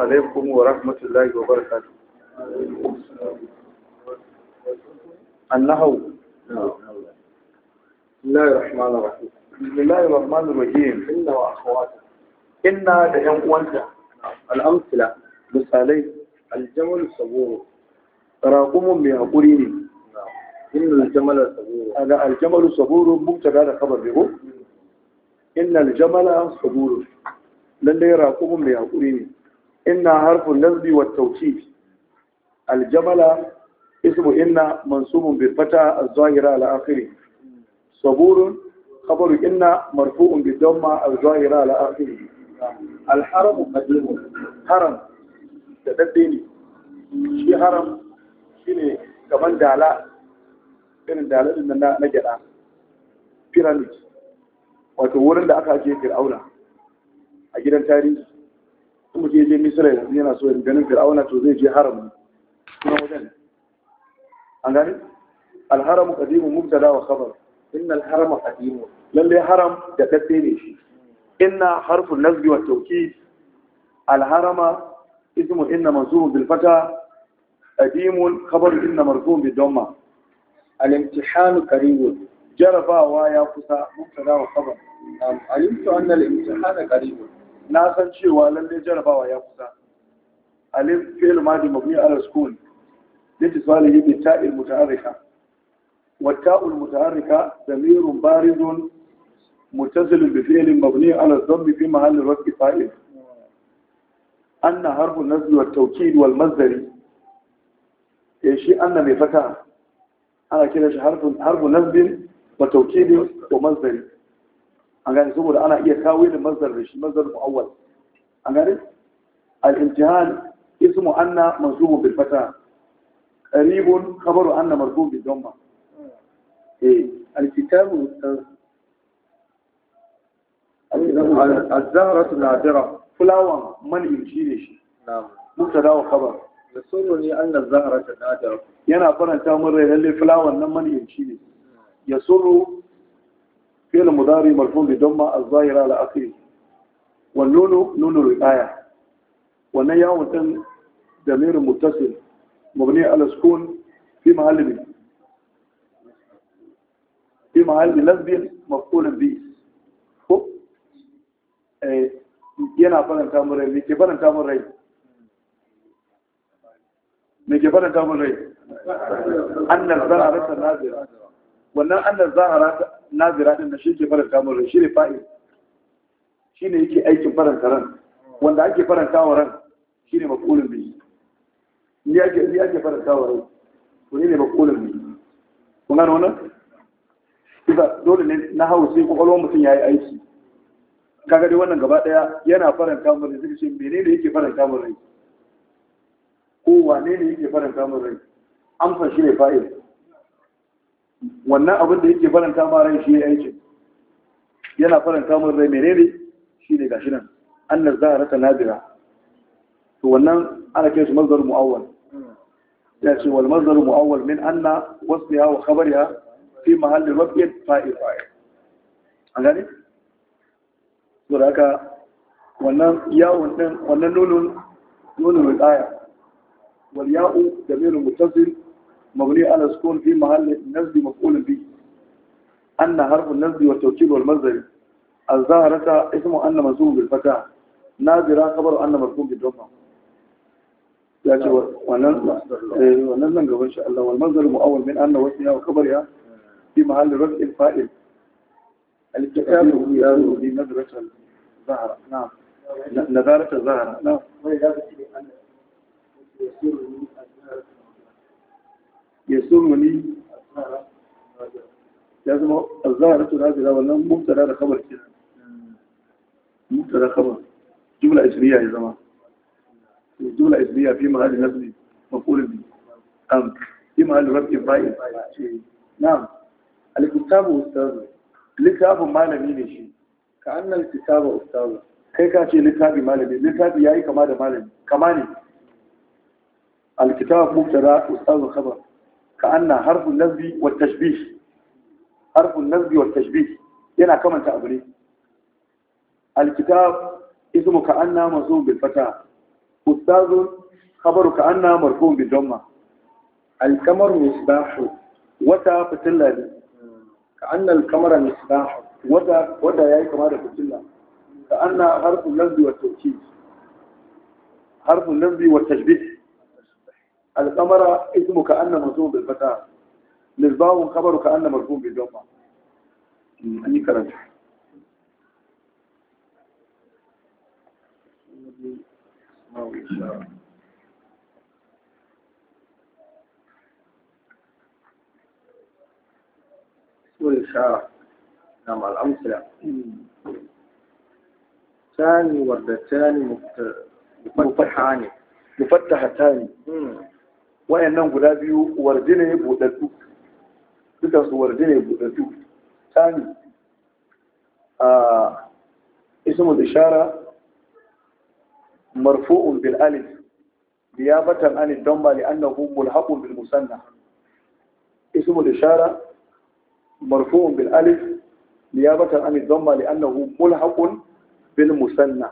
alaikum wa rahmatullahi wa barakatu annahu bismillahir rahmanir rahim bismillahir rahmanir rahim inna wa inna da yan uwanta al amsala misalai al jamal sabur raƙumin mai haƙuri ne inna aljamala saburu da aljamalu saburu mubtada da khabar bihu inna aljamala saburu lalle raƙumin mai haƙuri ne inna harfin nasbi wa tawkid aljamala ismu inna mansubun bil fata az-zahira ala akhirih saburun khabaru inna marfu'un bid damma az-zahira ala akhirih al-haram qadim haram da dadde ne shi haram shine gaban dala irin dalalin nan na gyada pyramid wato wurin da aka ajiye fir'auna a gidan tarihi in mutum je misira yanzu yana so ganin fir'auna to zai je haram kuma wajen an gani alharamu Kadimu mubtada wa khabar innal harama Kadimu. lalle haram da dadde ne shi inna harfun nazbi wa tawkid alharama ismu inna mansubun bil fata qadimun khabar inna marfu'un bi damma al-imtihan qaribun jarabawa ya kusa mubtada wa khabar am alimtu anna al-imtihan qaribun na san cewa lallai jarabawa ya kusa alif fi'l madi mabni ala sukun litisalihi bi ta'il muta'arrika والتاء المتحركة ضمير بارد متصل بفعل مبني على الضم في محل رفع فاعل أن حرف النزل والتوكيد والمصدر eh shi anna mai fata ana kira shi harfin harfin nasbin wa tawkidin wa mazdari an gane saboda ana iya kawo da mazdar da shi mazdar mu'awwal an gane al-imtihan ismu anna mansubun bil fata qaribun khabaru anna marfun bil dhamma eh al-kitabu الزهرة النادرة فلاوة من يمشي ليش نعم مبتدا وخبر yasuruni anna zahra yana faranta min rai lalle fulawan nan maniyanci ne yasuru fi'l mudari marfu' bi damma az-zahira ala akhir wa nunu nunu wannan yawon tan damir muttasil mabni ala fi mahalli في محل لفظ ko eh, yana faranta rai ke faranta rai me ke fara damar rai annar zahara ta nazira wannan annar zahara ta nazira din da shi ke fara damar rai shi ne fa'i shi ne yake aikin faranta ran wanda ake faranta wa ran shi ne makulun biyu ni ake ni ake faranta wa ran to ne makulun biyu kun gano wannan kisa dole ne na hau sai kwakwalwar mutum ya yi aiki kaga dai wannan gaba daya yana faranta mun rai suka ce menene yake faranta mun rai ko wane ne yake faranta mun rai amsa shi ne fa'il wannan abin da yake faranta ma rai shi ne aiki. yana faranta min rai menene shi ne gashi nan annar za a rasa nazira. to wannan ana kai su mazdar mu'awwal ya ce wal mazdar mu'awwal min anna wasfiha wa khabariha fi mahallin rafiyar fa'il an gane? to da haka wannan yawon din wannan nunun nunun tsaya والياء جميل متصل مبني على سكون في محل نزل مفعول به أن حرف النزل والتوكيل والمزل الظاهرة اسم أن منصوب بالفتح نادرا خبر أن مرفوع بالضمة يعني ونزل قبل إن شاء الله والمزل مؤول من أن واسمها وخبرها في محل رفع الفائل الاتكال في نظرة الزهرة نعم نظارة الزهرة نعم ya surmuni ya zama azahara tun hajjira wannan mubtada da kabar kira mubtada kabar jumla isriya ya zama jumla isriya fi mahallin nasbi maqulun bi am fi mahallin rabbin fa'il na'am al-kitabu ustaz littafin malami ne shi ka annal kitaba ustaz kai ka ce littafi malami littafi yayi kama da malami kama ne الكتاب مبتدا واستاذ خبر كأن حرف النسب والتشبيه حرف النسب والتشبيه ينا كما تعبري الكتاب اسم كأن منصوب بالفتح أستاذ خبر كأن مرفوع بالضمة القمر مصباح وتا فتلة كأن القمر مصباح وتا وتا يا كما ده فتلة كأن حرف النسب والتشبيه حرف النسب والتشبيه القمر اسمه كأن مرسوم بالفتاة مصباح خبره كأن مرسوم بالجمع أني كرنت والإشارة نعم على الأمثلة ثاني وردتان مفتحان مفتحتان nan guda biyu warje ne buɗaɗɗu dukansu warje ne buɗaɗɗu tsani a ismu da ishara marfu'un bil alif biyabatan an don bali, annahu mulhaqun bil musanna ismu da ishara marfu'un bil alif biyabatan an don bali, annahu mulhaqun bil musanna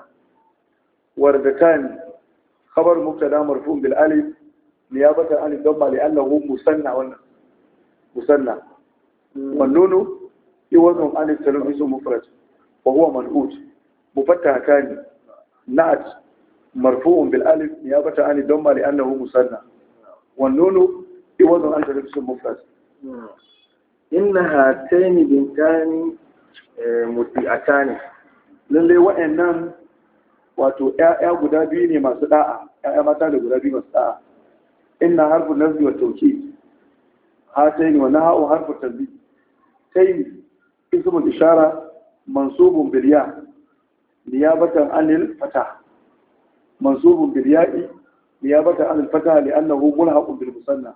wardatan خبر مبتدا bil alif. niyabatan an damma li annahu musanna wannan musanna mannunu mm. iwazun an tarun isu mufrad wa huwa man'ut mufattaha na'at marfu'un bil alif niyabatan an damma li annahu musanna wannunu iwazun an tarun isu mufrad mm. inna hatayni bintani eh, muti'atani lalle wa'annan wato 'ya'ya guda biyu ne masu da'a ƴaƴa mata da guda biyu masu da'a inna harfu nafi wa tauke hataini wa naha'u harfu tabi taini ismul ishara mansubun bil ya niyabatan anil fatah mansubun bil ya'i niyabatan anil fatah li'annahu mulhaqun bil musanna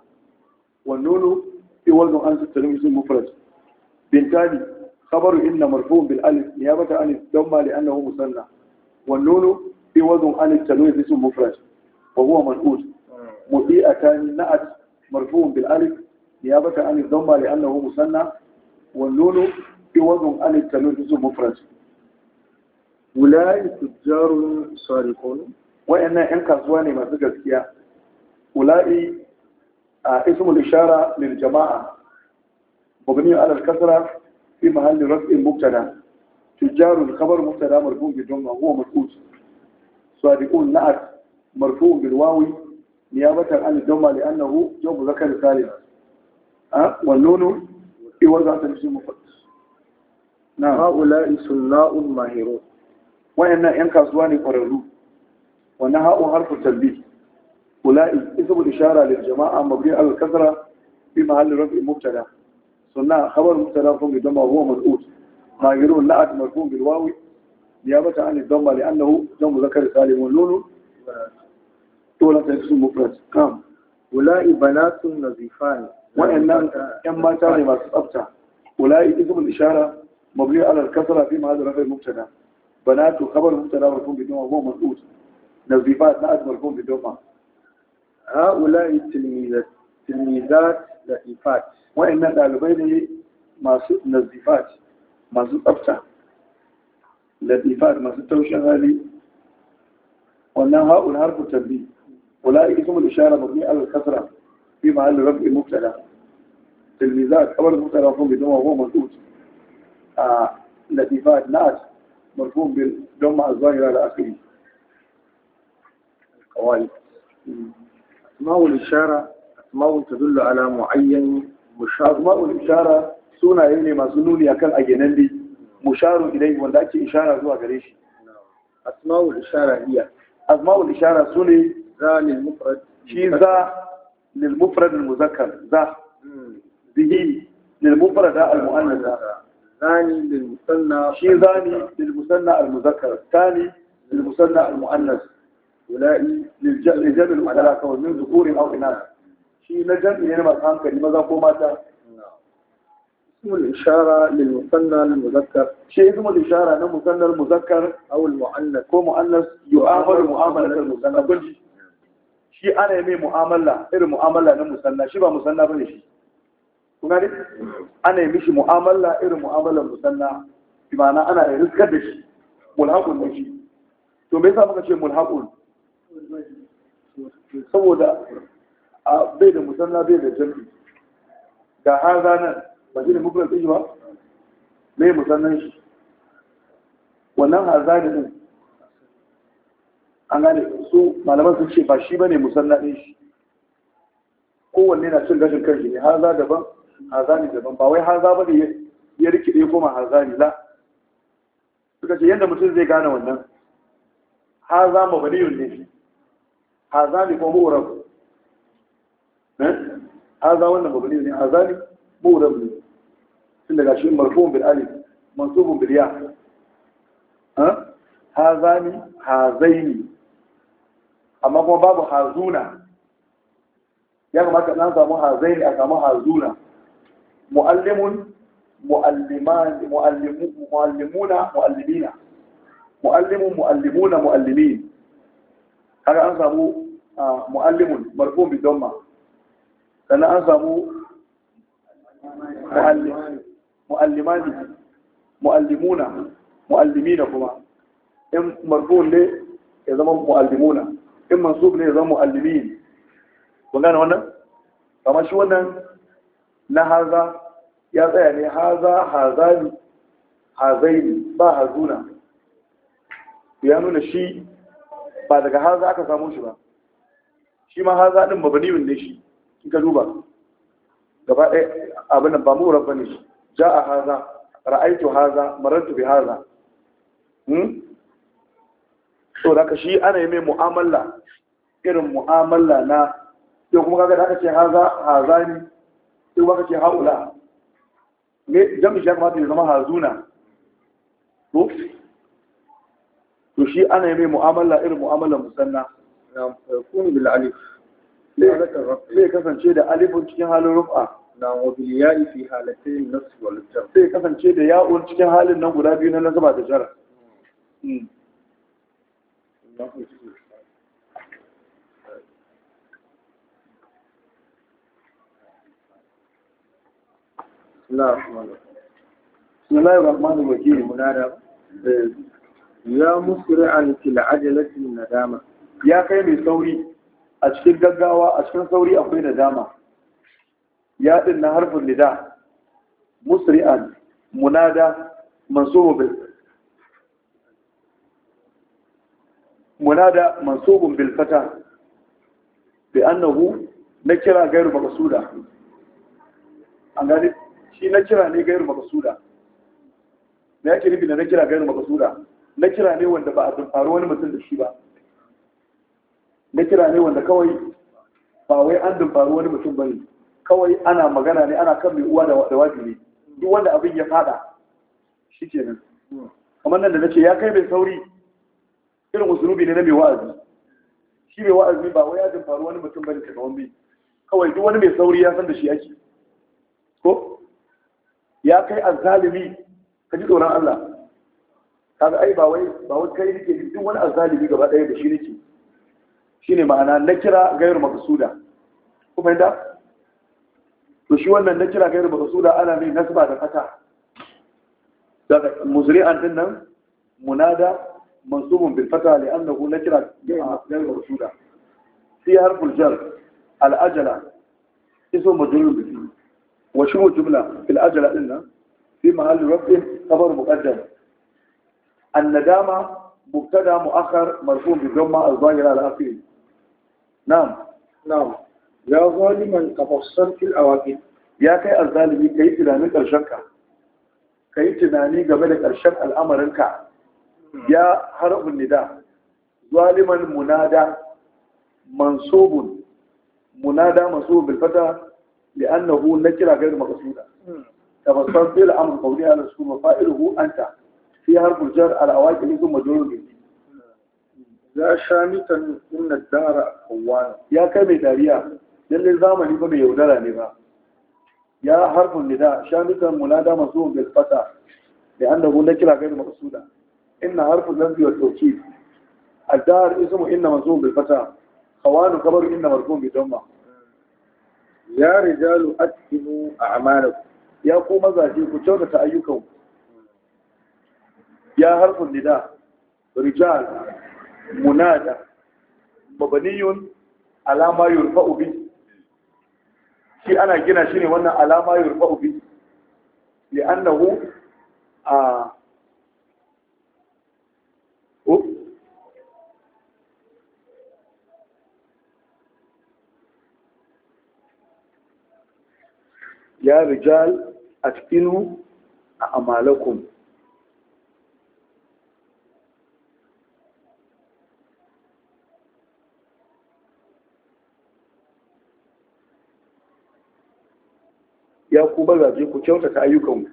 wan nunu fi wazn an tattalin ism mufrad bil tali خبر إن مرفوع بالألف نيابة عن الدمى لأنه مسنى والنون في وزن عن التنوين اسم مفرد وهو منقول مضيئتان نأت مرفوع بالألف نيابة عن الضمة لأنه مثنى والنون في وزن عن التنوين جزء مفرد أولئك تجار صارقون وإن إن كسواني ما تجد أولئك اسم الإشارة للجماعة مبني على الكسرة في محل رفع مبتدا تجار الخبر مبتدا مرفوع بالجملة هو مفقود صادقون نعت مرفوع بالواو نيابة عن الدمى لأنه جوب ذكر ثالث أه؟ والنون إوضع تنسي مفرد نعم هؤلاء سناء ماهرون وإن ينكى سواني قرروا ونهاء حرف التنبيه أولئك اسم الإشارة للجماعة مبني على الكثرة في محل رفع مبتدا سناء خبر مبتدا ثم الدمى هو منقوط ماهرون لأت مرفوع بالواو نيابة عن الدمى لأنه جوب ذكر ثالث والنون dole sai su mufrad kam ulai banatun nazifan wa'annan yan mata ne masu tsafta ulai ismul ishara mabni ala al-kasra fi ma hadara fi mubtada banatu khabar mubtada marfun bi dhamma wa maf'ul nazifat na'at marfun bi dhamma هؤلاء التلميذات تلميذات لطيفات وإن الألبين masu nazifat masu tsafta latifat masu taushin hali wannan ha'ul harfu tabbi أولئك اسم الإشارة مبنية على الكثرة في محل رفع المبتدا في الميزان خبر المبتدا مرفوع بالضمة وهو مردود آه، لطيفات ناس مفهوم بالضمة الظاهرة إلى آخره أسماء الإشارة أسماء تدل على معين مشار أسماء الإشارة سونا يعني ما سنوني أكل أجنالي مشار إليه ولا إشارة زوا قريش نعم. أسماء الإشارة هي أسماء الإشارة سوني ذا للمفرد شي ذا للمفرد المذكر ذا به للمفرد المؤنث ثاني للمثنى شي ثاني للمثنى المذكر ثاني للمثنى المؤنث ولائي للجمع الثلاثة من ذكور أو إناث شي نجم يعني ما كان كلمة ذا ماتا اسم الإشارة للمثنى المذكر شيء اسم الإشارة للمثنى مثنى المذكر أو المؤنث هو مؤنث يعامل معاملة المثنى shi ana yi mai mu'amala irin mu'amala na musanna shi ba musanna bane shi kuma ne ana yi mishi mu'amala irin mu'amala musanna shi ma'ana ana yi riskar da shi mulhaqun ne shi to me yasa muka ce mulhaqun saboda a bai da musanna bai da jami ga har ranar ba shi ne mukulan tsiji ba mai musannan shi wannan har din an gane su malaman sun ce ba shi ba ne musannaɗin shi kowanne na cin gashin kanshi ne haza daban haza ne daban ba wai haza ba ne ya rikide koma haza ne la suka ce yadda mutum zai gane wannan haza ba eh? ne haza ne kuma mu'urabu haza wannan ba ne haza ne mu'urabu ne tun daga shi marfu'un bil alif mansubun bil ya eh? hazani hazaini amma kuma babu hazuna ya kamata an samu hazaini a samu hazuna mu'allimun mu'allimuna mu'allimina mu'allimun mu'allimuna mu'allimin kaga an samu mu'allimun marfun bi damma sannan an samu mu'allimani mu'allimuna mu'allimina kuma in marfum ne ya zama mu'allimuna in mansub ne zan mu'allimin kun gane wannan Kamar shi wannan na haza ya tsaya ne haza hazani hazaini ba hazuna ya nuna shi ba daga haza aka samu shi ba shi ma haza din mabaniyun ne shi in ka duba gaba ɗaya abin nan ba mu rabba ne shi ja a haza ra'aitu haza marartu bi haza hmm? so da shi ana yi mai mu'amala irin mu'amala na yau kuma kaga da aka ce haza hazani sai kuma ka ce haula ne jami'i ya kamata ya zama hazuna to to shi ana yi mai mu'amala irin mu'amala musanna na kuni bil alif zai kasance da alifun cikin halin rufa na ya yi fi halatayn nasb wal jar sai kasance da ya'un cikin halin nan guda biyu na nasaba da jara hmm. hmm. بسم الله الرحمن الرحيم منادى ya musri'an fil ya kai mai sauri a cikin gaggawa a cikin sauri akwai nadama ya din na harfin nida musri'an munada munada mansubun bil fata bi annahu kira gairu maqsuda an gani shi kira ne gairu maqsuda me yake nufi na kira gairu maqsuda kira ne wanda ba a faru wani mutum da shi ba Na kira ne wanda kawai ba wai an dumfaru wani mutum bane kawai ana magana ne ana kan mai uwa da wabi ne duk wanda abin ya fada shikenan kamar nan da nace ya kai mai sauri irin usulubi ne na mai wa'azi shi mai wa'azi ba wai yajin faru wani mutum bane kaga wani kawai duk wani mai sauri ya san da shi yake ko ya kai azalimi ka ji tsoron Allah kaga ai ba wai ba wai kai nake duk wani azalimi gaba ɗaya da shi nake shine ma'ana na kira gairu maqsuda ku fahimta to shi wannan na kira gairu maqsuda ana mai nasba da fata daga muzri'an din nan munada منصوب بالفتح لأنه نكرة غير موجودة في حرف الجر الأجلة اسم مجرور به وشو الجملة في الأجلة إن في محل رفع خبر مقدم الندامة مبتدا مؤخر مرفوع بالضمة الظاهرة على آخره نعم نعم يا ظالما تفصل في الأواكب ya kai azzalimi ka yi tunanin ƙarshenka ka yi tunani game da ƙarshen al'amarinka ya harfin nida zaliman munada mansubun munada mansubun bilfata li'annahu nakira ghayr maqsuda tafassal fil amr qawli ala sukun wa fa'iluhu anta fi harf jar al awaqil thumma majrur bi ya shamitan inna dara qawan ya kai mai dariya lalle zamani ba mai yaudara ne ba ya harfin nida shamitan munada mansubun bilfata li'annahu nakira ghayr makasuda inna harfun zanzi wa tauki addar ismu inna mazu bil fata khawanu kabar inna marfun bi dumma ya rijalu atkinu a'malakum ya ku mazaje ku tauka ta ayyukan ya harfun nida rijal munada mabaniyun alama yurfa'u bi shi ana gina shi ne wannan alama yurfa'u bi li annahu a ya rijal a cikin a amalakun ya ku bazaje ku kyautata ayyukanku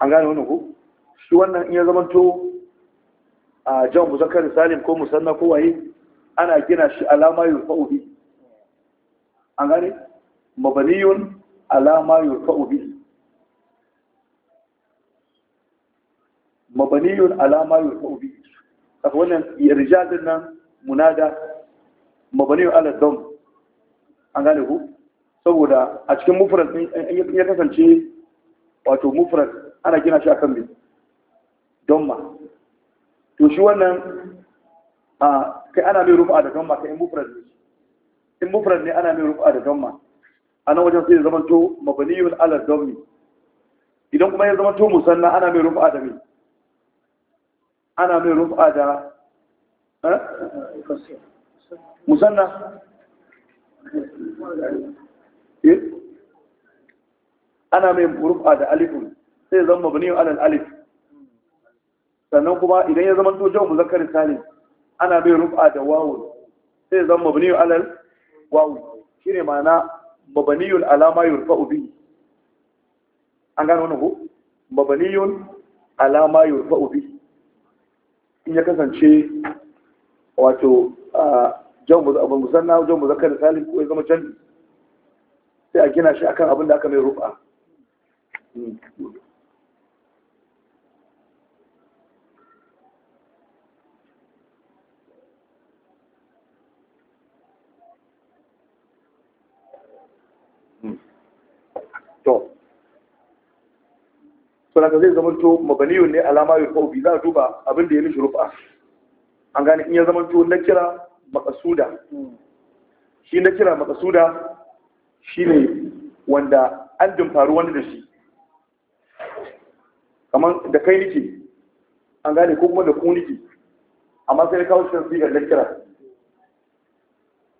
an gane wani ku shi wannan in ya zamanto a jan muzakar salim ko musanna ko waye ana gina shi alama yin fa'ubi an gane mabaniyun alama yurfa'u bihi mabaniyun alama yurfa'u fa'ubi a wannan irjadin nan munada mabaniyun ala don an gane ku saboda a cikin mufrad ya kasance wato mufrad ana gina shi akan bi ma, to shi wannan kai ana mai rufa da damma kai mufrad ne ne ana mai rufa da ma. a nan wajen sai ya zamanto mabaniyun alar domi idan kuma ya zamanto musanna ana mai rufa da mai ana mai rufa da eh? musanna eh? ana mai rufa da alifun sai ya zama mabaniyun alar alif sannan kuma idan ya zamanto jan muzakkarin salim ana mai rufa da wawun sai ya zama mabaniyun alar wawun shi ne ma'ana mabaniyun alama yurfa'u bihi an gano wannan ko mabaniyun alama yurfa'u bihi in ya kasance wato jan musanna jan muzakkar salim ko ya zama canji sai a gina shi akan abin da aka mai rufa to saboda zai zama to mabaniyun ne alama yi kawo za a duba abinda ya mishi rufa an gane in ya zama to na kira makasuda shi na kira makasuda shi ne wanda an dimfaru wani da shi kamar da kai nike an gane ko kuma da ku nike amma sai kawo shi sigar na kira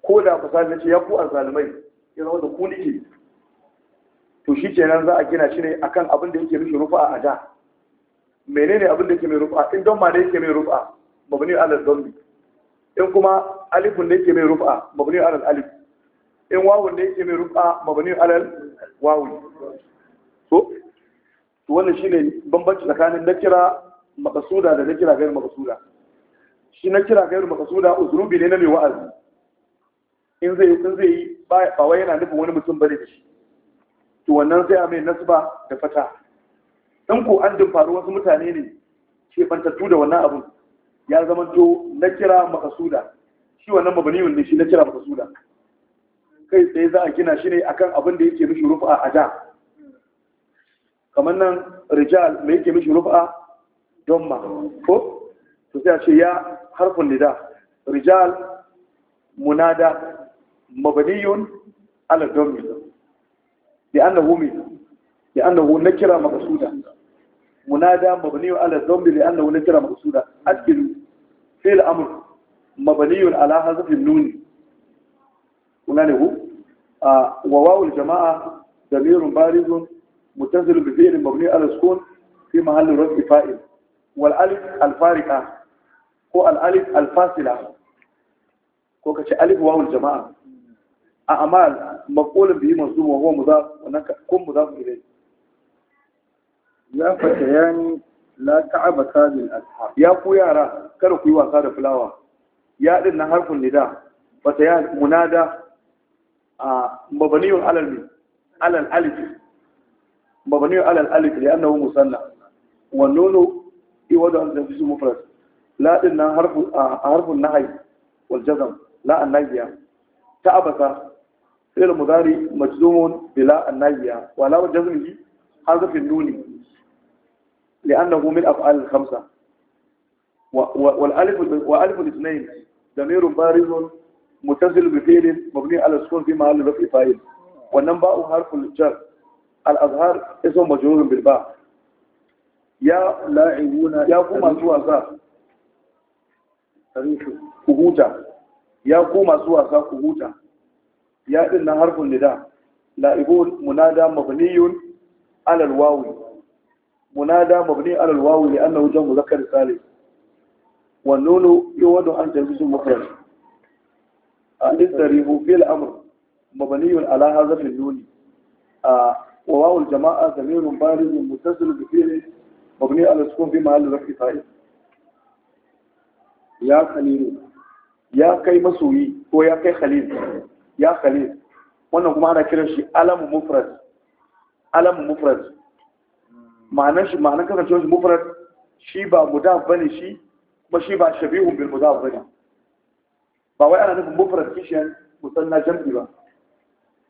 ko da fasali na ce ya ku a zalimai ya zama da ku nike to shi kenan za a gina shi ne akan abin da yake mishi rufa a da menene abin da yake mai rufa in don ma da yake mai rufa mabni alal dhammi in kuma alifun da yake mai rufa mabni alal alif in wawun da yake mai rufa mabni alal wawu to to wannan shine bambanci tsakanin nakira maqsuda da nakira gairu maqsuda shi nakira gairu maqsuda uzrubi ne na mai wa'azi in zai in zai ba wai yana nufin wani mutum bane da shi wannan sai a mai nasba da fata dan ko an faru wasu mutane ne ke bantattu da wannan abun ya zama to na kira makasuda shi wannan mabaniyun ne shi na kira makasuda kai tsaye za a gina shi ne akan abin da yake mishi rufa a da kamar nan rijal mai yake mishi rufa don ma ko to sai a ce ya harfin nida rijal munada mabaniyun ala don لأنه من لأنه نكرة مقصودة منادى مبني على الضم لأنه نكرة مقصودة أدل في الأمر مبني على حذف النون هنا له آه وواو الجماعة ضمير بارز متصل بفعل مبني على السكون في محل رفع فاعل والالف الفارقة هو الالف الفاصلة ko kace alif wawul jama'a a'mal maqulun bihi mansub wa huwa mudaf wa naka kun mudaf ilayhi ya fatayani la ta'abata bil ashab ya ku yara kada ku yi wasa da fulawa ya din na harfin nida yi munada a mabaniyun alal min alal alif mabaniyun alal alif li'annahu musanna wa nunu iwadu an tafisu mufrad la din na harfin na nahy wal jazm la an nahiya ta'abata fil mudari majzumun bila an-nahiya a la jazmihi hazfin nuni li'annahu min af'al al-khamsa wa al-alif wa alif al-ithnayn damirun barizun mutasil bi fi'lin mabni ala sukun fi mahalli raf'i fa'il wa nan ba'u harful jar al-azhar ism majrur bil ba' ya la'ibuna ya kuma zuwa sa tarihu kuhuta ya din na harfin nida la'ibun munada mabniyun alal wawu munada mabni alal wawu li annahu jam muzakkar salih wa nunu yawadu an tajuzu mufrad al istarihu fil amr mabniyun ala hadha fil nun a wa wawu al jamaa zamirun barid muttasil bi fi'l mabni ala sukun fi mahall rafi fa'il ya ya kai masoyi ko ya kai khalil ya kale wannan kuma ana kiran shi alamu mufrad alamu mufrad ma'anar shi ma'anar kasancewar shi mufrad shi ba mudaf bane shi kuma shi ba shabihun bil mudaf bane ba wai ana nufin mufrad kishiyan musanna jam'i ba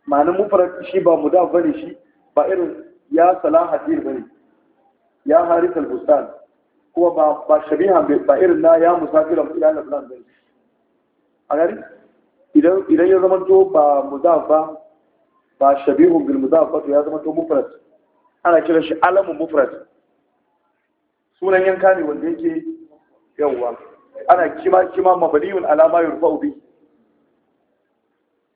ma'anar mufrad shi ba mudaf bane shi ba irin ya salah hadir bane ya haris al-bustan kuma ba ba shabihan ba irin na ya musafira ya laflan bane a gari idan ya zama to ba mudaf ba ba shabihun bil mudaf ba to ya zama to mufrad ana kira shi alamun mufrad sunan yanka ne wanda yake yawwa ana kima kima mabaliyun alama yurfa'u bi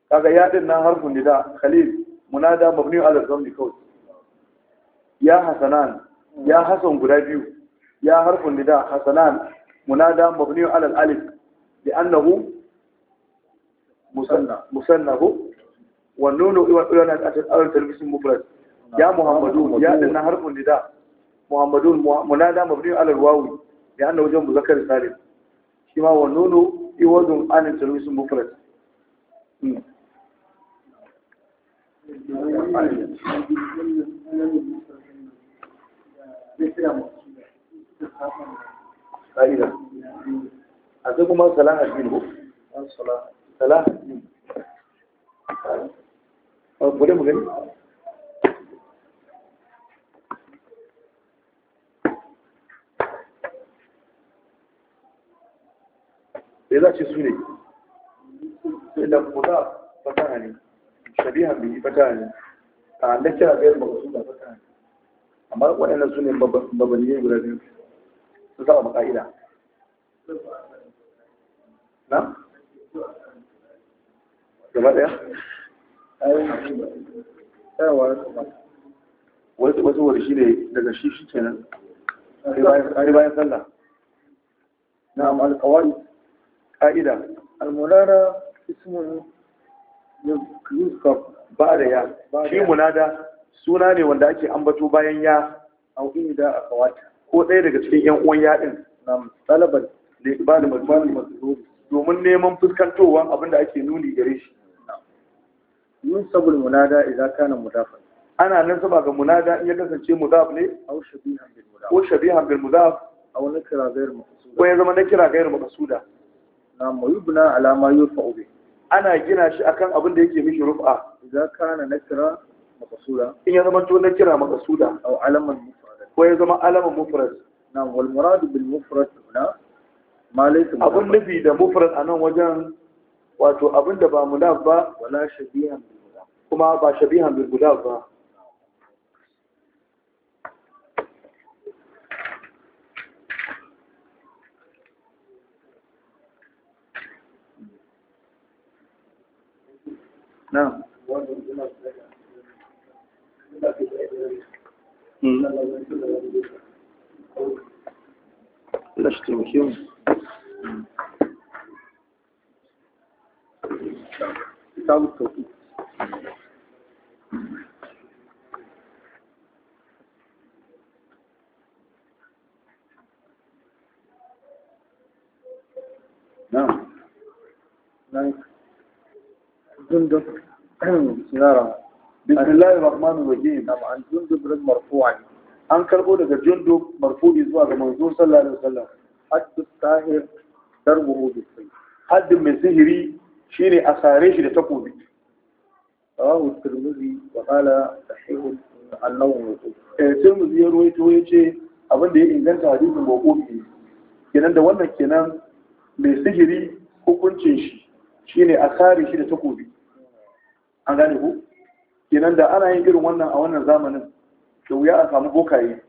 kaga ya din nan harfun nida khalil munada mabni ala zammi kawai ya hasanan ya hasan guda biyu ya harfun nida hasanan munada mabni ala alif bi annahu musanna musanna ko wannan ne wannan a cikin talbisin mufrad ya muhammadu ya dinna harfin nida muhammadu munada mabni ala alwawi ya anna wajen muzakkar salim shi ma wannan ne iwadun an talbisin mufrad hmm. a kuma salaha biyu ko? salaha sala bude suna gani da za ce su ne inda kuma fata ne shabihan bihi fata ne a lakira biyar makasuda fata ne amma waɗannan su ne guda zama maka'ida gaba daya wasu wani shi ne daga shi shi kenan sai bayan sallah na'am alkawari ka'ida almunara ismun yusuf ba da ya shi munada suna ne wanda ake ambato bayan ya au inda a kawata ko ɗaya daga cikin yan uwan yaɗin na talabar da ibadu mazmuni domin neman fuskantowa abinda ake nuni gare shi yunsabul munada idan kana mudafan ana nasaba ga munada in ya kasance mudaf ne aw shabihan bil mudaf ko shabihan bil mudaf aw nakira ghayr maqsuda ko ya zama nakira ghayr maqsuda na mayubna ala ma yurfa'u bi ana gina shi akan abin da yake mishi rufa idza kana nakira maqsuda in ya zama to nakira maqsuda aw alaman mufrad ko ya zama alaman mufrad na wal murad bil mufrad na ma laysa abun nufi da mufrad anan wajen wato abin da ba mudaf ba wala shabihan bil وما ba shabihan bil نعم لا كتاب نعم نعم جندب بسم الله الرحمن الرحيم طبعا جندب رجل مرفوع انكر قول اذا جندب مرفوع يزوى اذا منظور صلى الله عليه وسلم حد الطاهر دربه بالطيب حد من زهري شيني اخاريش لتقو بك rawahu tirmidhi wa qala sahihu annahu mawquf eh tirmidhi ya ruwaito yace abin da ya inganta hadisin mawqufi kenan da wannan kenan mai sihiri hukuncin shi shine a kare shi da takobi an gane ku kenan da ana yin irin wannan a wannan zamanin to wuya aka samu bokaye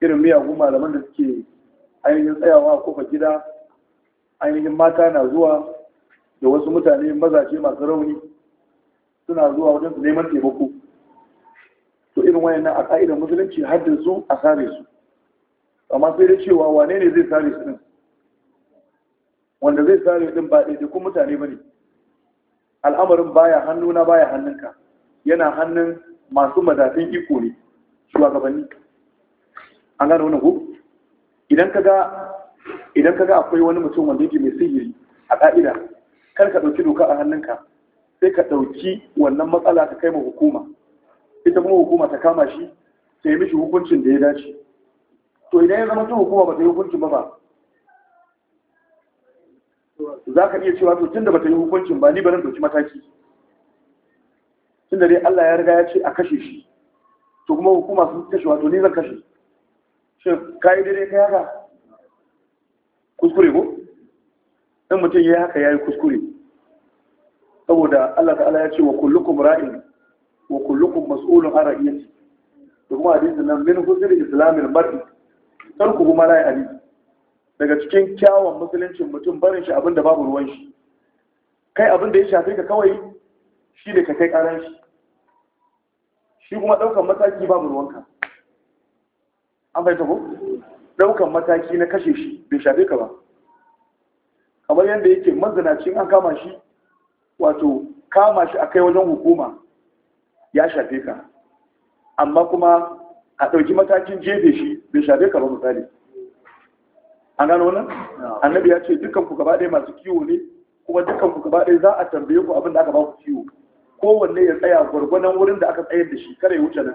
irin miyagun malaman da suke ainihin tsayawa a kofar gida ainihin mata na zuwa da wasu mutane mazaje masu rauni suna zuwa wajen su neman taimako to irin nan a ƙa'idar musulunci haddin su a sare su amma sai da cewa wane ne zai sare su din wanda zai sare din ba ɗaya kun mutane ba ne al'amarin baya na baya hannunka yana hannun masu madafin iko ne shugabanni an gane wani hukum idan ka ga idan ka ga akwai wani mutum wanda yake mai sihiri a ƙa'ida kar ka ɗauki doka a hannunka sai ka ɗauki wannan matsala ka kai ma hukuma ita kuma hukuma ta kama shi ta yi mishi hukuncin da ya dace to idan ya zama ta hukuma ba ta yi hukuncin ba ba za ka iya cewa to tun da ba ta yi hukuncin ba ni ba barin ɗauki mataki tun da dai Allah ya riga ya ce a kashe shi to kuma hukuma sun kashe wato ni zan kashe shin ka yi daidai ka yi haka kuskure ko in mutum ya yi haka ya yi kuskure saboda Allah ta'ala ya ce wa kullukum ra'in wa kullukum mas'ulun an ra'iyati da kuma hadisi nan min husnul islamil mar'i tarku kuma la ya'ni daga cikin kyawun Musulunci, mutum barin shi abinda babu ruwan shi kai abinda ya shafe ka kawai shi ne ka kai karan shi shi kuma daukan mataki babu ruwanka an fahimta ko daukan mataki na kashe shi bai shafe ka ba kamar yadda yake mazinacin an kama shi wato kama shi a kai wajen hukuma ya shafe ka amma kuma a ɗauki matakin jefe shi bai shafe ka ba misali an gano wannan annabi ya ce dukkan ku gaba ɗaya masu kiwo ne kuma dukkan ku gaba ɗaya za a tambaye ku abin da aka ba ku kiwo kowanne ya tsaya gwargwadon wurin da aka tsayar da shi kare ya wuce nan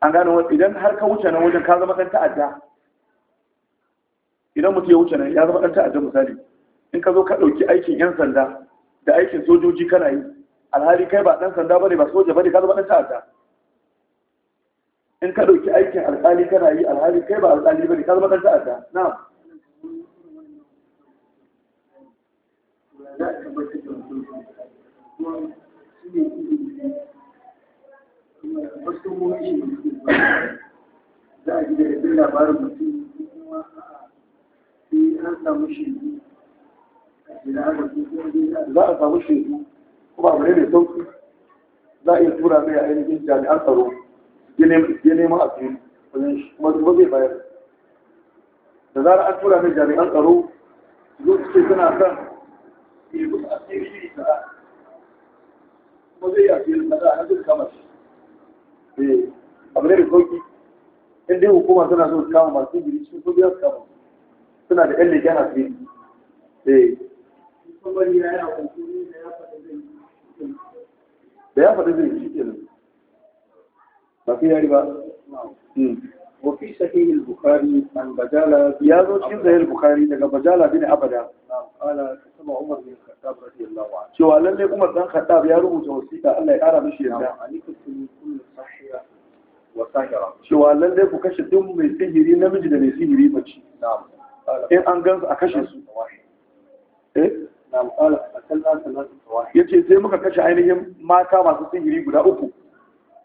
an gano wannan idan har ka wuce nan wajen ka zama ɗan ta'adda idan mutum ya wuce nan ya zama ɗan ta'adda misali in ka zo ka ɗauki aikin 'yan sanda da aikin sojoji kana yi alhali kai ba ɗan sanda bane ba soja bane ka zama ɗan ta'adda in ka ɗauki aikin alhali kana yi alhali kai ba alhali bane ka zama ɗan ta'adda na za a gida da labarin mutum kuma sai an samu shi za a samu shaidu kuma abu ne mai sauki za a iya tura mai a ainihin jami'an tsaro ya nema a fiye wajen shi kuma zuwa zai bayar da zara an tura mai jami'an tsaro zo su ce suna son kuma zai yi a fiye da a zai kama shi eh, abu ne mai sauki in dai hukuma suna so kama masu giri sun so biya su kama suna da yan leken a fiye eh. da ya faɗi zai shi kenan ba hmm. fi yari ba wafi al-bukhari an bajala ya zo cikin sahih al-bukhari daga bajala bin abada ala sama umar bin khattab radiyallahu anhu cewa lalle umar dan khattab ya rubuta wasiƙa Allah ya ƙara mishi yarda cewa lalle ku kashe duk mai sihiri namiji da mai sihiri mace in an gansu a kashe su ya ce sai muka kashe ainihin mata masu sihiri guda uku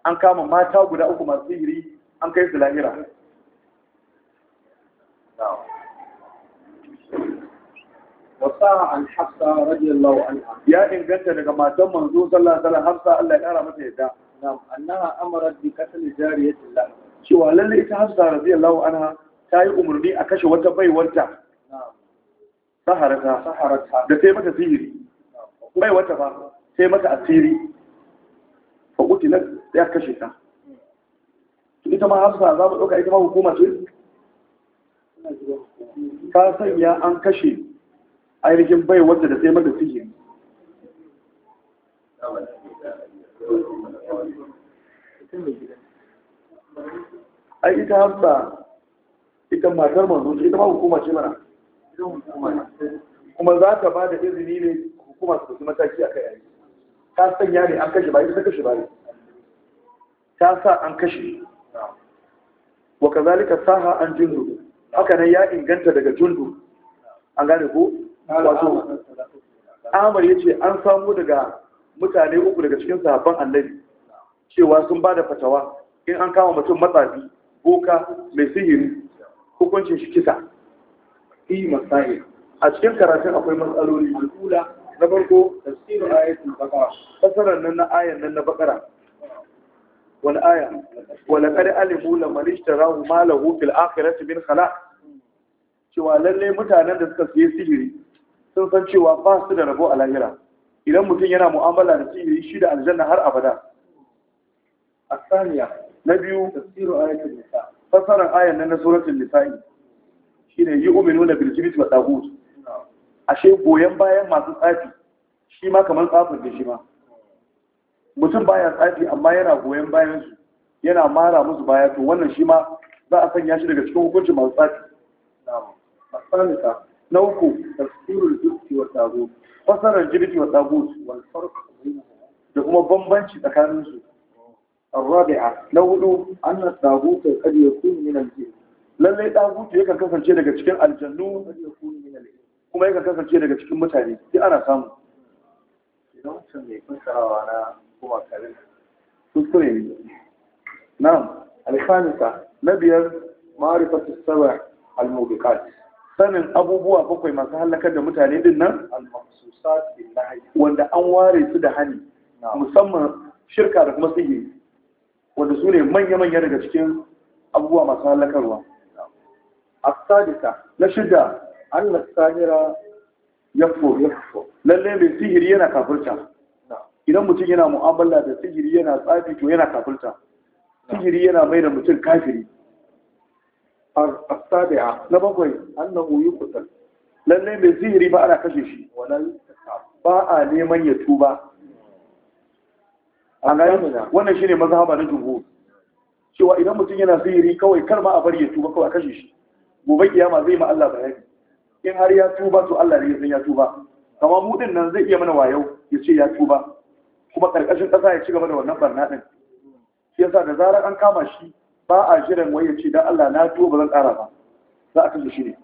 an kama mata guda uku masu sihiri an kai su lahira ya inganta daga matan manzo sallallahu alaihi hafsa Allah ya kara mata yadda na'am annaha amarat bi qatl jariyatin la cewa lalle ita hafsa radiyallahu anha ta yi umarni a kashe wata baiwarta na'am saharata da sai mata sihiri bai wata ba sai mata asiri fa na ya kashe ta ita ma hafsa za mu ɗauka ita ma hukuma ce ta sanya an kashe ainihin bai wata da sai mata sihiri ai ita hafsa ita matar manzo ita ma hukuma ce mana kuma za ta ba da izini ne hukumar su ɗauki mataki a kai aiki ta sanya ne an kashe ba ita ta kashe ba ta sa an kashe wa kazalika saha an jundu haka nan ya inganta daga jundu an gane ko wato amar ya ce an samu daga mutane uku daga cikin sahabban annabi cewa sun ba da fatawa in an kama mutum matsafi boka mai sihiri hukuncin shi kisa fi masail a cikin karatun akwai matsaloli al'ula na farko tafsirin ayatul baqara fasarar nan na ayan nan na baqara wal aya wa laqad alimu laman ishtarahu ma lahu fil akhirati min khalaq cewa lalle mutanen da suka siye sihiri sun san cewa ba su da rabo a lahira idan mutum yana mu'amala da sihiri shi da aljanna har abada asaniya na biyu tafsirin ayatul nisa fasarar ayan nan na suratul nisa'i shine yu'minu na biljibit wa tagut ashe goyon bayan masu tsafi shi ma kamar tsafin da shi ma mutum baya tsafi amma yana goyon bayan su yana mara musu baya to wannan shi ma za a sanya shi daga cikin hukuncin masu tsafi na uku tafsirul jibti wa tagut fasarar jibti wa tagut da kuma bambanci tsakanin su الرابعة لو أن الطاغوت قد يكون من الجن lallai ɗan ɗagutu yakan kasance daga cikin aljannu kuma yakan kasance daga cikin mutane sai ana samu idan mutum mai fassarawa na kuma kare kuskure ne Na alfanisa na biyar ma'arifatu saba al sanin abubuwa bakwai masu halakar da mutane din nan wanda an ware su da hani musamman shirka da kuma sihiri wanda su ne manya-manya daga cikin abubuwa masu halakarwa asalika na shida Allah sahira yafo yafo lalle mai sihiri yana kafirta idan mutum yana mu'amala da sihiri yana tsafi to yana kafirta sihiri yana mai da mutum kafiri asalika na bakwai Allah uyu kusan lalle mai sihiri ba ana kashe shi ba a neman ya tuba wannan shi ne mazaha na jihu cewa idan mutum yana sihiri kawai kar ma a bari ya tuba kawai kashe shi gobe kiyama zai ma Allah bayani in har ya tuba to Allah ne ya san ya tuba kamar mu din nan zai iya mana wayo ya ce ya tuba kuma karkashin kasa ya ci gaba da wannan barna din shi yasa da zarar an kama shi ba a jiran wai ya ce dan Allah na tuba ba zan ƙara ba za a kashe shi ne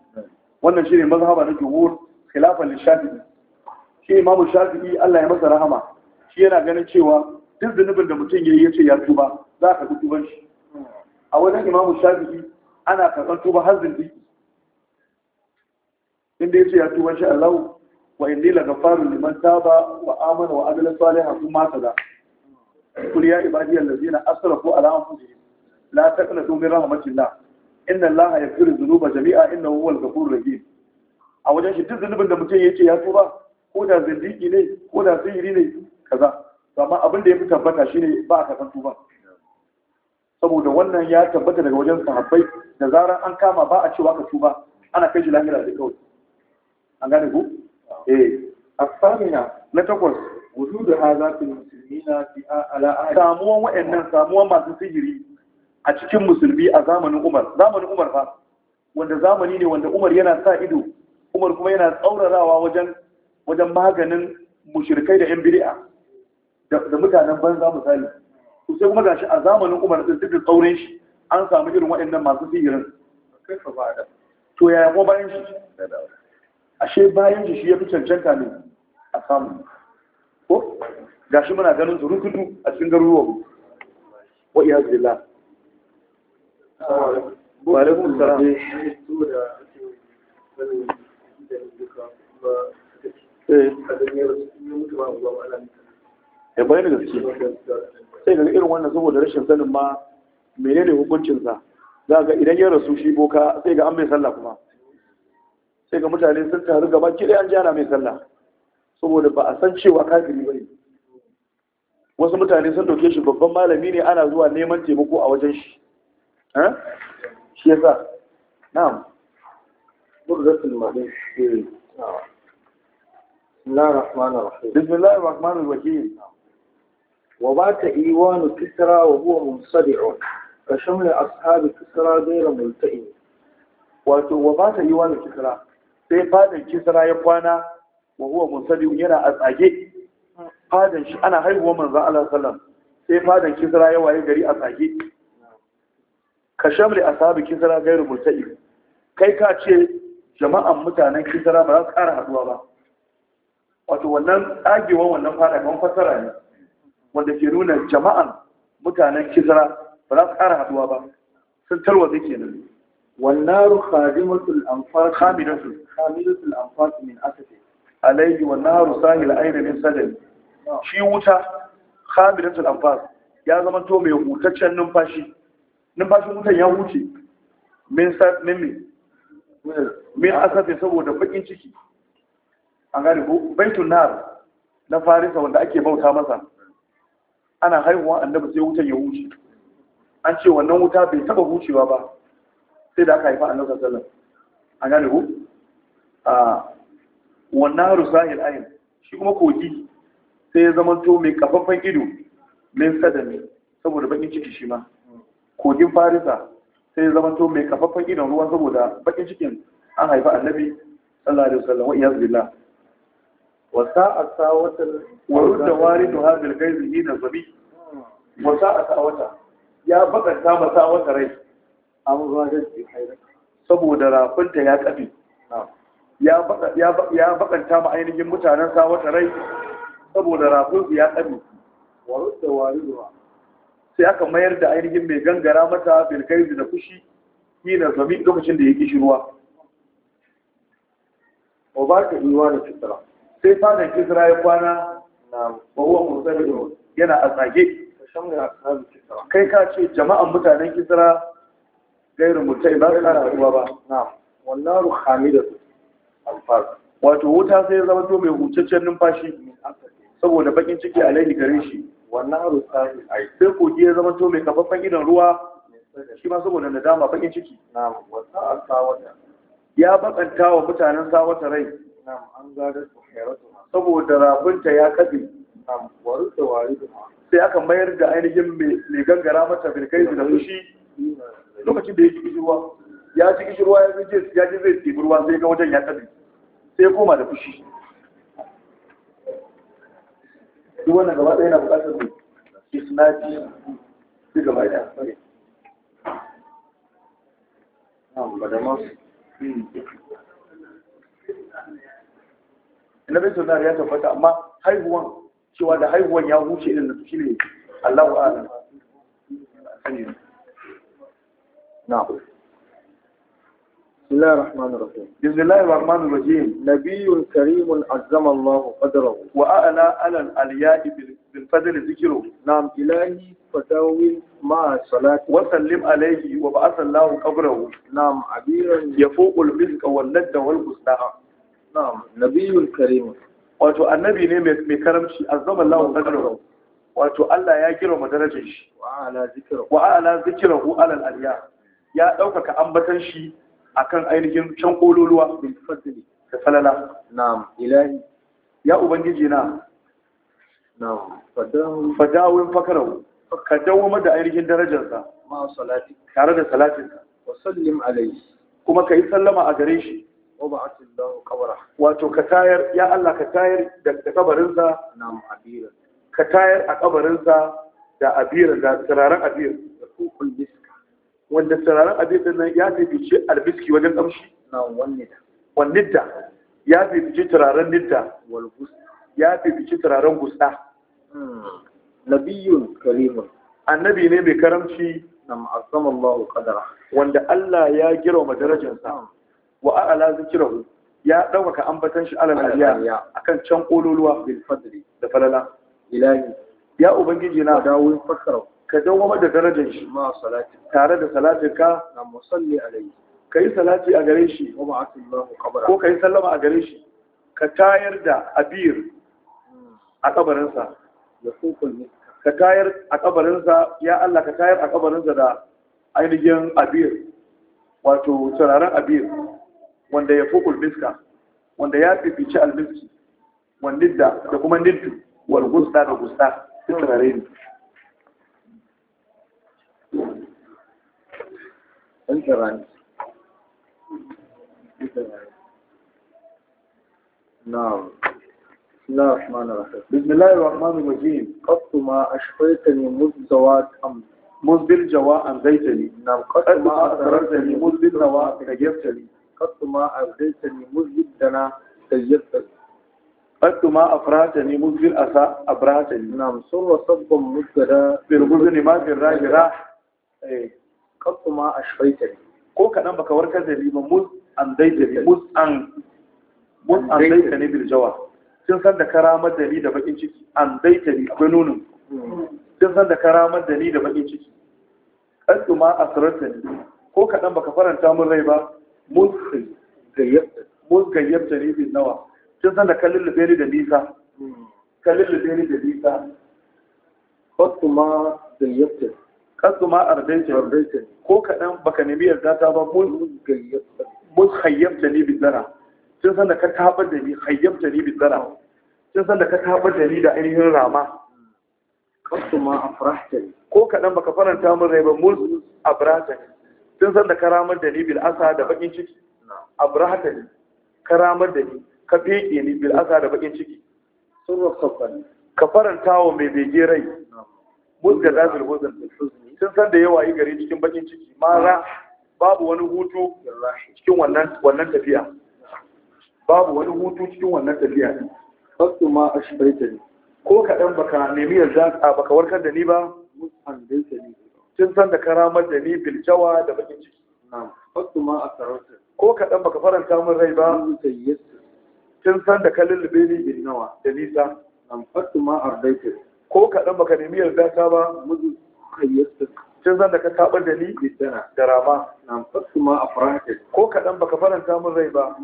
wannan shine mazhaba na jumhur khilafan shafi'i shi imamu shafi'i Allah ya masa rahama shi yana ganin cewa duk zunubin da mutum ya yi ya ce ya tuba za ka tuban shi a wajen imamu shafi'i ana karɓar tuba har zindiki inda ce ya tuba shi Allah wa indi la ghafarun liman taba wa amana wa amila salihan kuma kaza kul ya ibadi allazina asrafu ala anfusihim la taqnatu min rahmatillah inna allaha yaghfiru dhunuba jami'a innahu huwal ghafurur rahim a wajen shi duk zunubin da mutum yake ya tuba ko da zindiki ne ko da sihiri ne kaza amma abin da ya fi tabbata shine ba a karɓar tuba saboda wannan ya tabbata daga wajen sahabbai da zarar an kama ba a cewa ka tuba ana kai shi lahira da kawai an gane ku eh asamina na takwas wujudu hadha fil muslimina fi ala samuwan wa'annan samuwan masu sihiri a cikin musulmi a zamanin Umar zamanin Umar fa wanda zamani ne wanda Umar yana sa ido Umar kuma yana tsaurarawa wajen wajen maganin mushrikai da yan bid'a da mutanen banza misali kusa kuma gashi a zamanin umar din duk tsaurin shi an samu irin waɗannan masu sihirin to ya kuma bayan shi ashe bayan shi shi ya fi cancanta ne a samu ko gashi muna ganin su rukudu a cikin garuruwan wa iya zila wa eh. Eh. Eh, da gaske sai daga irin wannan saboda rashin sanin ma menene hukuncinsa za ga idan ya rasu shi boka sai ga an mai sallah kuma sai ga mutane sun taru gaba ki an jana mai sallah saboda ba a san cewa kafiri ne. wasu mutane sun dauke shi babban malami ne ana zuwa neman taimako a wajen shi eh shi yasa na'am burzatul mali بسم الله الرحمن وبات إيوان كسرى وهو منصدع فشمل أصحاب كسرى غير ملتئم وبات إيوان كسرى sai fadin kisra ya kwana wa huwa munsadiu yana a tsage Fadin shi ana haihuwa manzo Allah sallam sai fadin kisra ya waye gari a tsage ka shamri ashabi kisra gairu murtai kai ka ce jama'an mutanen kisra ba za su kara haduwa ba wato wannan tsagewa wannan fada kan fasara ne wanda ke nuna jama'an mutanen kisra ba za su ƙara haduwa ba sun tarwatsa kenan Wannan خادمة Amfani خامدة خامدة الأنفاس من أسد عليه والنار ساهل أين من سدل shi wuta خامدة الأنفاس ya zama to mai hutaccen numfashi numfashin wutan ya huce min min min asafi saboda bakin ciki an gane ko baitun nar na farisa wanda ake bauta masa ana haihuwa annabi sai wutan ya huce an ce wannan wuta bai taba hucewa ba sai da aka haifa annabi sallallahu A gane ku a wannan rusahil ayin shi kuma kogi sai ya zama to mai kafaffan ido mai sadami saboda bakin ciki shi ma kogin farisa sai ya zama to mai kafaffan idon ruwa saboda bakin cikin an haifa annabi sallallahu alaihi wasallam wa iyaz billah وساء ساوة ورد وارد هذا الغيظ حين الظبي وساء ساوة يا بقى ساوة ساوة ري أم غادت في حيرك يا ma ainihin mutanen sa wata rai saboda rafinsu ya tsami warus da wariwa sai aka mayar da ainihin mai gangara mata bilkaizu da fushi yi na zami lokacin da ya ƙishi ruwa ba ka iwa da fitara sai fadan kisra ya kwana na bawa musabi yana a tsage kai ka ce jama'an mutanen kisra gairin mutai ba su kara haɗuwa ba na wannan su alfaz wato wuta sai ya zama to mai hutaccen numfashi saboda bakin ciki a laili gare shi wannan haru sai kogi ya zama to mai kafaffen idan ruwa shi ma saboda nadama bakin ciki na ya bakanta wa mutanen sawata rai nam an gadar buhairatuha saboda rabunta ya kabe nam waru da wariduha sai aka mayar da ainihin mai gangara mata bilkai da fushi lokacin da ya ji kishirwa ya ji kishirwa ya ji ya ji zai tebi ruwa sai ga wajen ya kabe sai ya koma da fushi duk wannan gaba ɗaya na buƙatar mai isnadi duk gaba ɗaya. Na'am, ba da masu. Hmm. na bai sunar ya tabbata amma haihuwan cewa da haihuwan ya huce irin da shi ne Allahu a'lam na'am بسم الله الرحمن الرحيم بسم الله الرحمن الرحيم نبي كريم عزم الله قدره وأعلى على الألياء بالفضل ذكره نعم إلهي فتاوي مع الصلاة وسلم عليه وبعث الله قبره نعم عبيرا يفوق المزق والند والبستاء na'am karim wato annabi ne mai karamci azzama Allahu qadruhu wato Allah ya girma darajar shi wa ala wa ala al-aliya ya ɗaukaka ambatan shi akan ainihin can kololuwa bin fadli da salala. na'am ilahi ya ubangiji na na'am fadawun fakarau ka dawoma da ainihin darajarsa ma salati tare da salatinsa wa sallim alayhi kuma ka yi sallama a gare shi wato ka tayar ya Allah ka tayar da kabarinsa na ka tayar a kabarinsa da abira da turaren abir wanda sararin abir din nan ya fice albiski wajen kamshi wannan da ya fi fice turaren nidda ya fi fice turaren gusa hmm. nabiyun karimun annabi ne mai karamci na ma'azzam Allah kadara. wanda Allah ya girma darajarsa wa a'ala zikirahu ya dauka ambatan shi ala aliya akan can kololuwa bil fadli da falala ilahi ya ubangiji na dawo fakkaro ka dawo da darajar shi ma salati tare da salatin ka na musalli alayhi kai salati a gare shi wa ba'atullahu qabra ko kai sallama a gare shi ka tayar da abir hmm. a sa ya kukul ka tayar a sa ya Allah ka tayar a sa da ainihin abir wato turaren abir wanda ya fuku miska wanda ya fifici almiski wanda da kuma niddu wal gusta da gusta turare ne نعم بسم الله الرحمن الرحيم بسم الله الرحمن الرحيم قط ما أشفيتني مذ زوات أم مذ بالجواء زيتني نعم قط ما أسررتني مذ بالنواء نجفتني قد ما أبريتني مذهب دنا سيدتك قد ما أفراتني مذهب الأساء أبراتني نعم سر صب مذهب في الغزن ما في الراج راح قد ما أشفيتني ko kaɗan baka warkar da ni ba mus an daidari mus an mus an daidari bil jawa sun san karamar da ni da bakin ciki an daidari akwai nunin sun san karamar da ni da bakin ciki kasu ma asirarta ne ko kaɗan baka faranta mun rai ba mun gayyabta ne bin nawa kin sanda kallin kallon da nisa kallin luberi da nisa kasu ma gayyabta kasu ma ardaita ko kaɗan baka nemi yarda ta ba mun hayyabta ne bin zara kin sanda ka tabar da ni hayyabta ne bin zara kin sanda ka tabar da ni da ainihin rama kasu ma afrahta ko kaɗan baka faranta min rai ba mun abrata ne Sun san da karamar da ni bil asa da bakin ciki abrahata ne karamar da ni ka feke ni bil asa da bakin ciki ka faranta wa mai bege rai musga zafil huzun sun san da yawa yi gari cikin bakin ciki mara babu wani hutu cikin wannan tafiya babu wani hutu cikin wannan tafiya ne ma a shibaita ne ko kaɗan baka nemi yarda a baka warkar da ni ba musan daita ne sun san da karamar da ni biljawa da bakin ciki fasu ma a sarauta ko kaɗan baka faranta min rai ba sun san da kalin libeli irnawa da nisa fasu ma a daita ko kaɗan baka nemi yarda ta ba sun san da ka taɓar da ni da rama fasu ma a faranta ko kaɗan baka faranta min rai ba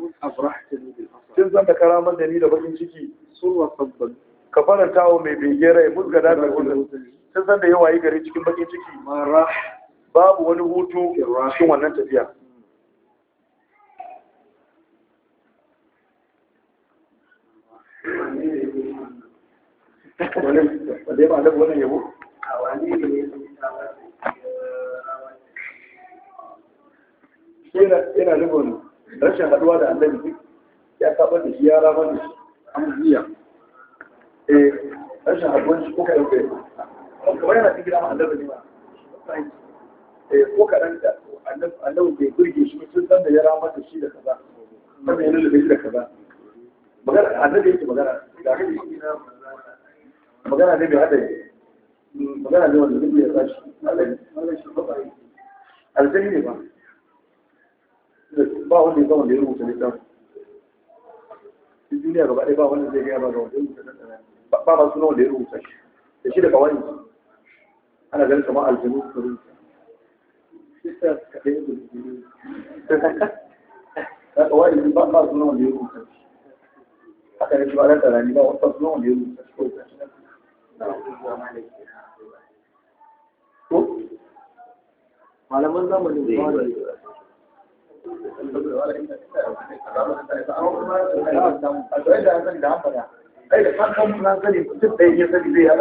sun san da karamar da ni da bakin ciki sun ka faranta wa mai bege rai musgada da wani sun san da yawa yi gari cikin bakin ciki babu wani hutu cikin wannan tafiya yana nufin rashin haduwa da annabi ya taɓa da shi ya rama da shi an biya eh rashin haduwan shi kuka ɗauke kamar yana cikin ma annabi ne ma eh, ko kaɗan da annabi bai burge shi sun san da ya rama da shi da kaza san da ya shi da kaza magana annabi yake magana da kan shi na magana ne mai hadari magana ne wanda zai ya tashi aljani ne ba ba wanda ya zama da ya rubuta littafin duniya gaba ɗaya ba wanda zai gaya ba ga wanda ya rubuta ba ba suna wanda ya rubuta shi da shi da kawai ana ganin kamar aljanu kuri kisa kaɗai da jini da kawai ba ba su nan da ya rubuta haka ne ba da tarani ba wasu su nan da ya rubuta ko ko malaman zamanin da ya da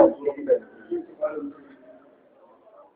da da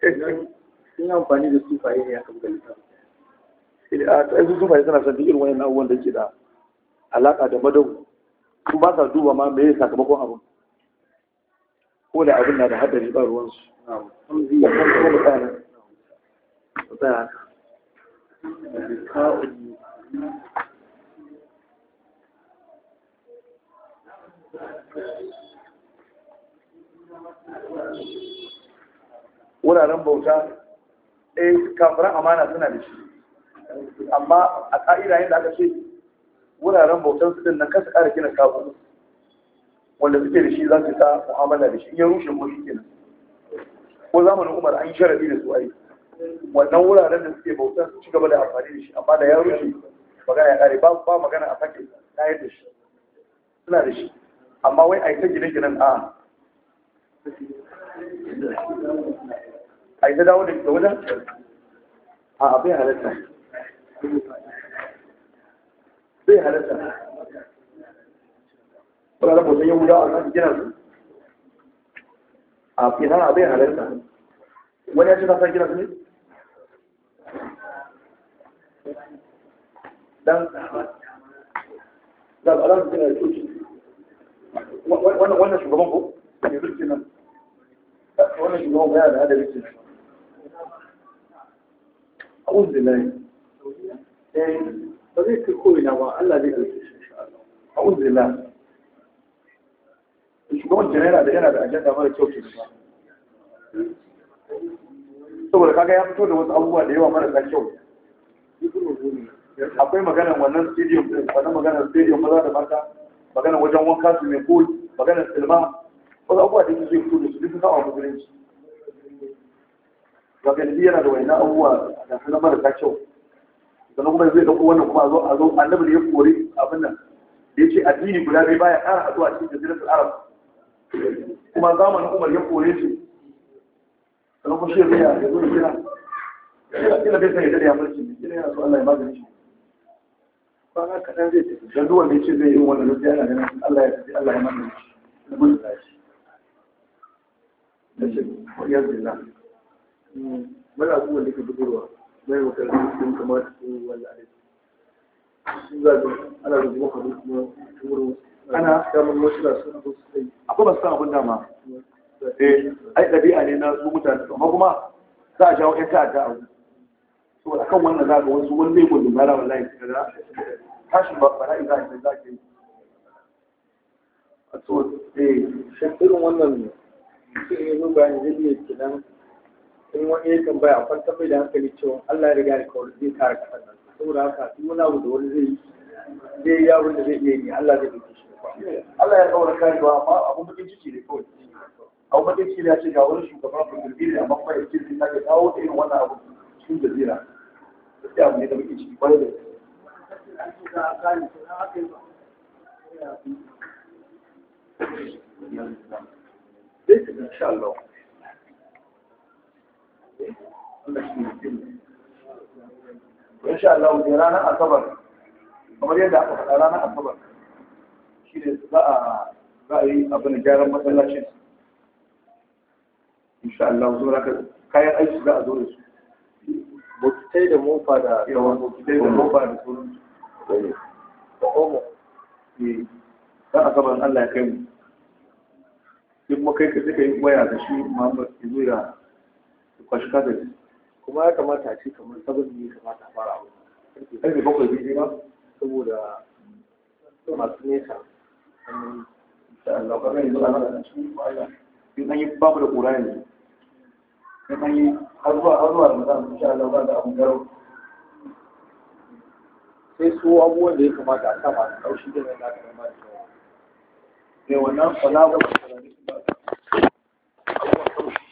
sun amfani da sufaye ne aka buga littafin a tsayin eh, sufaye suna son irin wayan abubuwan da ke da alaƙa da madau, kuma ba sa duba ma mai sakamakon abin ko da abin na da haɗari ba ruwansu Thank you. wuraren bauta eh kafiran amana suna da shi amma a ƙa'ida yadda aka ce wuraren bautan su din nan kasa ƙara gina kafin wanda suke da shi za su ta mu'amala da shi in ya rushe ko shi kenan ko zamanin umar an yi sharaɗi da su ai wannan wuraren da suke bautan su ci gaba da amfani da shi amma da ya rushe magana ya ƙare ba magana a sake na yadda shi suna da shi amma wai a yi ta gine-ginen a a yi dawo da ita wajen a abin halatta zai halatta wadanda mutum yahudawa a kan gina su a fiye abin halatta wani ya ce ta san gina su ne dan da tsaron gina coci wannan shugaban ko ne rikin wannan shugaban ko yana da adalci a uzu lai ba zai kai Allah zai shugaban saboda kaga ya fito da wasu abubuwa da yawa marasa kyau akwai maganar wannan stadium wannan maganar stadium maza da mata maganar wajen wanka su ne pool maganar silma wasu abubuwa da yake zai fito da su duk sun kawo musulunci ga galibi yana da wani abubuwa da hannun marasa kyau sannan kuma zai ɗauko wannan kuma a zo annabi ne ya kori abin nan da ya ce addini guda biyu baya ƙara haɗuwa cikin jaziratul arab kuma zamanin umar ya kore shi sannan kuma shi ya zai ya zo ya kira kila bai san ya dade ya farci kila yana so Allah ya magani shi kwana kaɗan zai tafi don duwan da ya ce zai yi wannan lokaci yana ganin Allah ya tafi Allah ya magani shi da mutum da da shi ko yanzu mana abubuwan da ke budurwa na yi sun kamata su wanda ne sun zaɓi ana da zuwa kamar kuma wurin ana samun wasu sun zo su yi akwai masu san abin dama eh. eh ai ɗabi'a ne na su mutane amma kuma za a jawo ƴan ta'adda a wuri A kan wannan za ga wasu wani ne gudun bara wallahi kaga tashin ba fara'i za za a yi a to eh shakkirin wannan mutum ya zo bayan zai kinan in wani ya tambaya a kwanta mai da hankali cewa Allah ya riga da kawai zai kare kasar nan saboda haka duk wani abu da wani zai yi abin da zai iya yi Allah zai dauke shi Allah ya kawar kare ba amma abu mutum ciki ne kawai abu mutum ciki ne ya ce ga wani shugaban bulgari da amma kuma ya ce zai sake da irin wannan abu cikin jazira gaskiya abu ne da ciki kwarai da insha Allah ne ranar asabar kamar yadda aka faɗa ranar asabar shi ne za a za a yi abin gyaran masallacin insha Allah zo raka kayan aiki za a zo da su bokitai da mofa da yawan bokitai da mofa da sauran da omo eh za a gaban Allah ya kai mu in mu ka suka yi waya da shi Muhammad ya zo ya kuma ya kamata a ce kamar sabon ne ya kamata a fara abu karfe bakwai ba saboda masu nesa in an yi babu da ƙura yanzu in an yi har zuwa har zuwa da musamman insha Allah ba da abun garau sai su abubuwan da ya kamata a sa masu ƙaushi da ya kamata da yawa. Mai eh, wannan kwalaba da